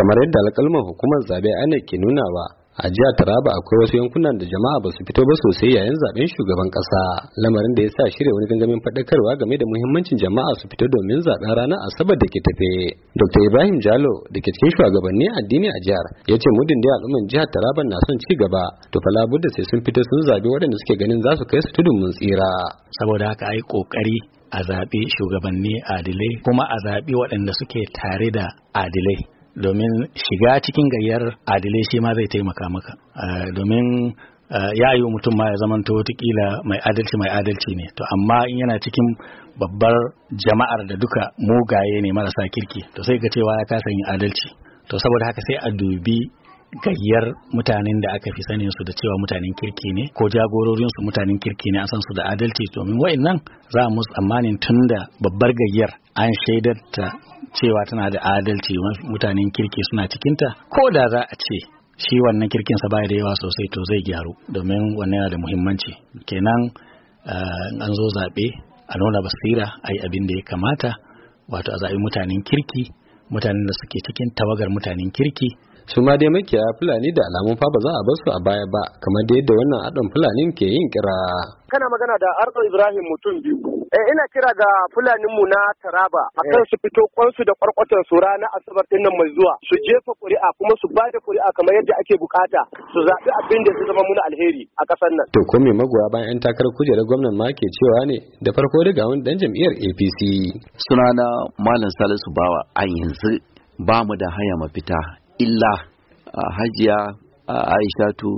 kamar yadda alƙalman hukumar zabe ana ke nunawa a jihar taraba akwai wasu yankunan da jama'a ba su fito ba sosai yayin zaben shugaban kasa lamarin da ya sa shirya wani gangamin faɗakarwa game da muhimmancin jama'a su fito domin zaben ranar asabar da ke tafe dr ibrahim jalo da ke cikin shugabanni addini a jihar ya ce muddin da al'umman jihar taraba na son ci gaba to fa labudda sai sun fito sun zabi waɗanda suke ganin za su kai su tudun mun tsira saboda haka ai kokari a zaɓi shugabanni adilai kuma a zaɓi waɗanda suke tare da adilai domin shiga cikin gayyar adilai shi ma zai taimaka maka eh, domin eh, ya yi mutum ma ya zamanto watakila mai adalci mai adalci ne to amma in yana cikin babbar jama'ar da duka mugaye ne marasa kirki to sai ga cewa ya kasa yin adalci to saboda haka sai a dubi gayyar mutanen da aka fi sanin su da cewa mutanen kirki ne ko jagororin su mutanen kirki ne a san su da adalci domin wa'annan za mu tsammanin tun da babbar gayyar an shaidar ta cewa tana da adalci mutanen kirki suna cikinta ko da za a ce shi wannan kirkinsa baya da yawa sosai to zai gyaru domin wannan yana da muhimmanci kenan eh, an zo zaɓe a nuna basira a yi abin da ya kamata wato a zaɓi mutanen kirki mutanen da suke cikin tawagar mutanen kirki su ma dai makiyaya fulani da alamun fa ba za a basu a baya ba kamar da yadda wannan adon fulani ke yin kira kana magana da arzo ibrahim mutum biyu eh, ina kira ga fulanin mu na taraba akan su fito kwansu da kwarkwatan su rana asabar din nan mai zuwa su jefa kuri'a kuma su ba da kuri'a kamar yadda ake bukata su zaɓi abin da su zama muna alheri a ƙasar nan to ko me magoya bayan yan takarar kujerar gwamnan ma ke cewa ne da farko daga wani dan jam'iyyar APC sunana malam Salisu Bawa a yanzu ba mu da haya mafita illa a hajiya a aishatu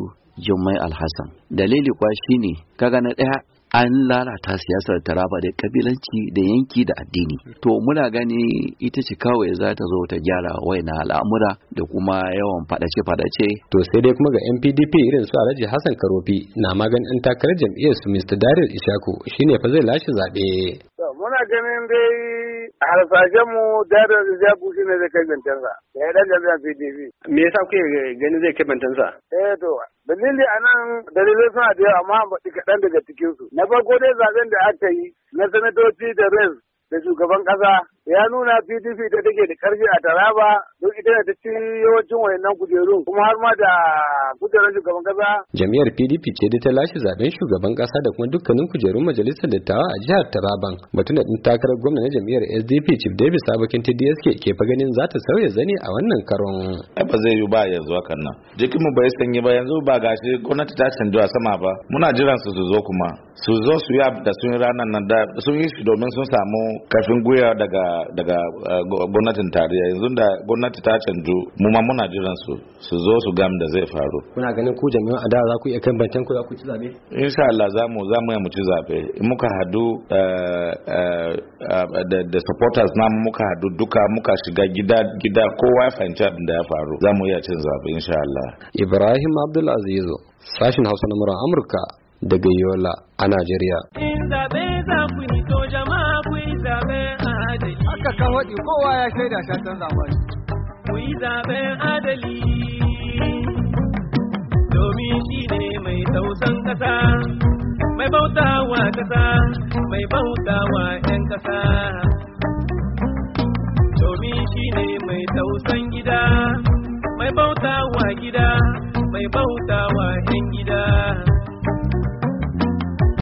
jummai alhassan dalili kwa ne kaga na ɗaya an lalata siyasar taraba da kabilanci da yanki da addini to muna gani ita ce kawai za ta zo ta gyara waina al'amura da kuma yawan fadace fadace to sai dai kuma ga NPDP irin su Alhaji Hassan Karofi na maganin ɗan takarar jam'iyyar su Mr. Daril Ishaku shine fa zai lashe zaɓe. muna ganin dai harsashenmu dadar ya bushe ne zai kai bantansa da ya dan jami'an pdp me yasa kuke gani zai kai bantansa eh to dalili a nan dalilai suna da yawa amma ba kaɗan daga cikinsu na farko dai zaben da aka yi na sanatoci da res da shugaban ƙasa ya nuna pdp da take da karfi a taraba duk ita da ci yawancin wayannan kujeru kuma har ma da kujerun shugaban kasa jami'ar pdp ce da ta lashe zaben shugaban kasa da kuma dukkanin kujerun majalisar dattawa a jihar taraban batun da takarar gwamna na jami'ar sdp chief davis sabakin tdsk ke fa ganin za ta sauya zane a wannan karon ba zai yi ba yanzu hakan nan jikin mu bai sanyi ba yanzu ba gashi gwamnati ta a sama ba muna jiran su su zo kuma su zo su yi da sun ranar nan da sun yi shi domin sun samu kafin guya daga daga eh, gwamnatin tarayya yanzu da gwamnati ta canju mu ma muna jiran su su zo su gam da zai faru kuna ganin ku jami'an adawa za ku iya kan bancan ku za ku ci zabe insha Allah za mu za mu mu ci zabe in muka hadu eh, eh, da supporters na muka hadu duka muka shiga gida gida kowa ya fahimci abin da ya faru za mu iya cin zabe insha Allah Ibrahim Abdul Aziz sashin Hausa na Amurka daga Yola a Najeriya waɗi kowa ya shaida sha canza wani. Ku yi zaben adali domin shi ne mai tausan ƙasa, mai bautawa ƙasa, mai bautawa 'yan ƙasa. Domin shi ne mai tausan gida, mai bautawa gida, mai bautawa 'yan gida.